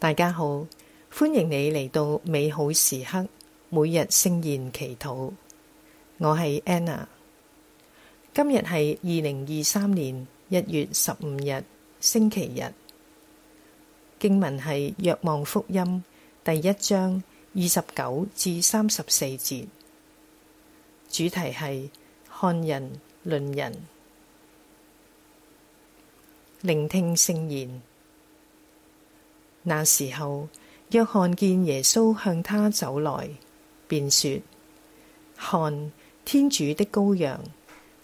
大家好，歡迎你嚟到美好時刻，每日聖言祈禱。我係 Anna，今日係二零二三年一月十五日星期日。經文係《若望福音》第一章二十九至三十四節，主題係看人論人，聆聽聖言。那時候，若翰看見耶穌向他走來，便說：看，天主的羔羊，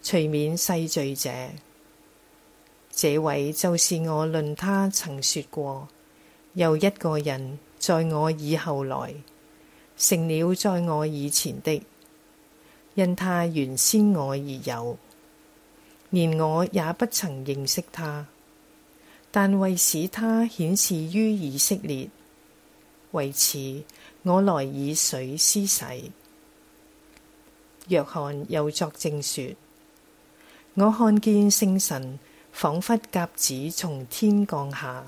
除免世罪者。這位就是我論他曾說過，有一個人在我以後來，成了在我以前的，因他原先我而有，連我也不曾認識他。但為使他顯示於以色列，為此我來以水施洗。若翰又作證說：我看見聖神仿佛鴿子從天降下，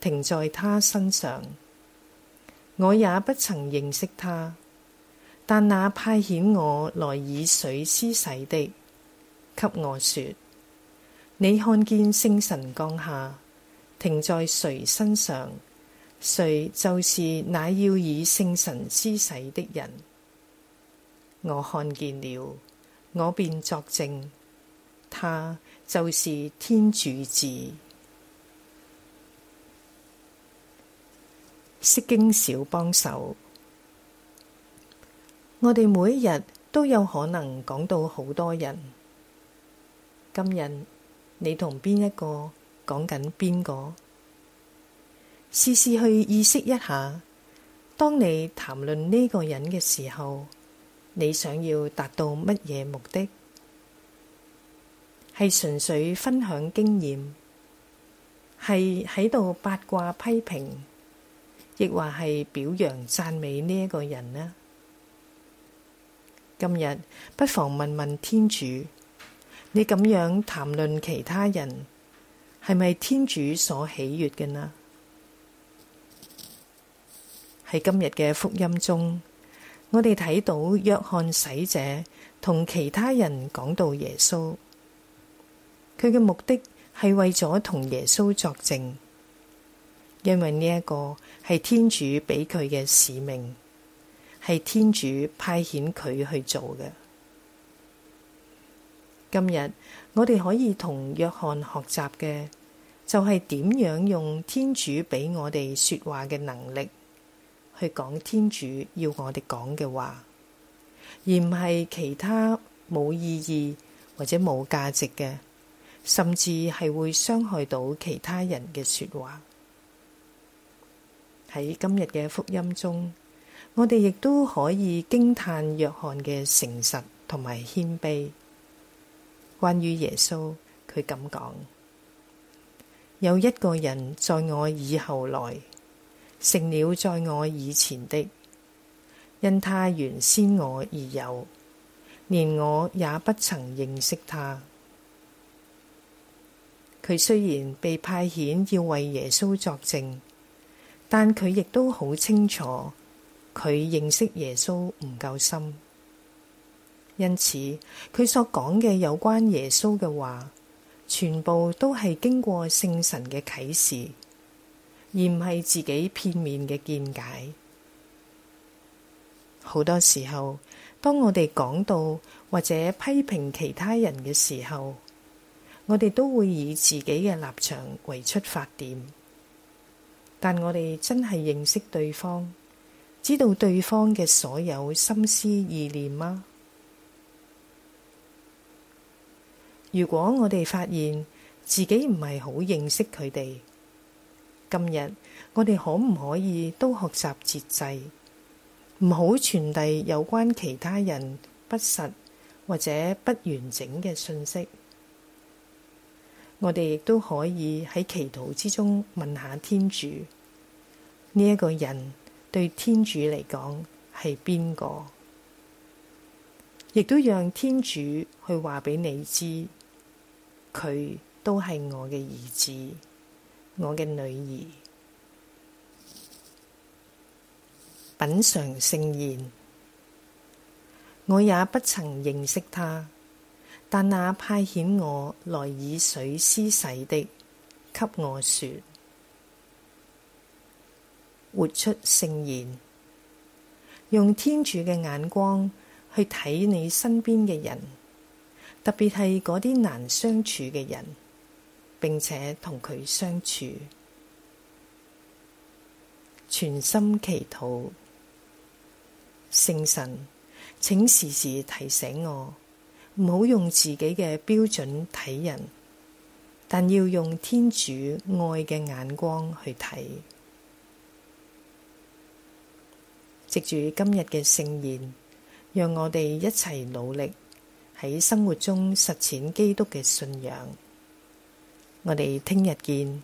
停在他身上。我也不曾認識他，但那派遣我來以水施洗的，給我說：你看見聖神降下。停在誰身上，誰就是那要以聖神施洗的人。我看見了，我便作證，他就是天主子。釋經小幫手，我哋每一日都有可能講到好多人。今日你同邊一個？講緊邊個？試試去意識一下，當你談論呢個人嘅時候，你想要達到乜嘢目的？係純粹分享經驗，係喺度八卦批評，亦或係表揚讚美呢一個人呢？今日不妨問問天主，你咁樣談論其他人？係咪天主所喜悅嘅呢？喺今日嘅福音中，我哋睇到若翰洗者同其他人講到耶穌，佢嘅目的係為咗同耶穌作證，因為呢一個係天主俾佢嘅使命，係天主派遣佢去做嘅。今日我哋可以同若翰學習嘅就係點樣用天主俾我哋說話嘅能力去講天主要我哋講嘅話，而唔係其他冇意義或者冇價值嘅，甚至係會傷害到其他人嘅說話。喺今日嘅福音中，我哋亦都可以驚嘆若翰嘅誠實同埋謙卑。關於耶穌，佢咁講：有一個人在我以後來，成了在我以前的，因他原先我而有，連我也不曾認識他。佢雖然被派遣要為耶穌作證，但佢亦都好清楚，佢認識耶穌唔夠深。因此，佢所講嘅有關耶穌嘅話，全部都係經過聖神嘅啟示，而唔係自己片面嘅見解。好多時候，當我哋講到或者批評其他人嘅時候，我哋都會以自己嘅立場為出發點。但我哋真係認識對方，知道對方嘅所有心思意念嗎？如果我哋發現自己唔係好認識佢哋，今日我哋可唔可以都學習節制，唔好傳遞有關其他人不實或者不完整嘅信息？我哋亦都可以喺祈禱之中問下天主，呢一個人對天主嚟講係邊個？亦都讓天主去話俾你知。佢都係我嘅兒子，我嘅女兒。品嚐聖言，我也不曾認識他，但那派遣我來以水施洗的，給我說：活出聖言，用天主嘅眼光去睇你身邊嘅人。特別係嗰啲難相處嘅人，並且同佢相處，全心祈禱，聖神請時時提醒我，唔好用自己嘅標準睇人，但要用天主愛嘅眼光去睇。藉住今日嘅聖言，讓我哋一齊努力。喺生活中實踐基督嘅信仰，我哋聽日見。